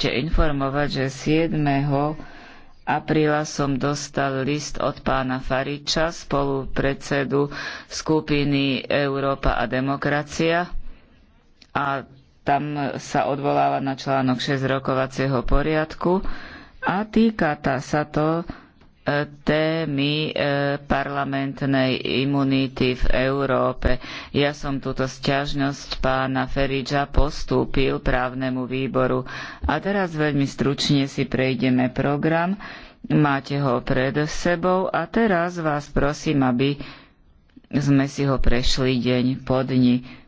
ešte informovať, že 7. apríla som dostal list od pána Fariča, spolupredsedu skupiny Európa a demokracia. A tam sa odvoláva na článok 6 rokovacieho poriadku a týka tá sa to témy e, parlamentnej imunity v Európe. Ja som túto sťažnosť pána Feridža postúpil právnemu výboru. A teraz veľmi stručne si prejdeme program. Máte ho pred sebou a teraz vás prosím, aby sme si ho prešli deň po dni.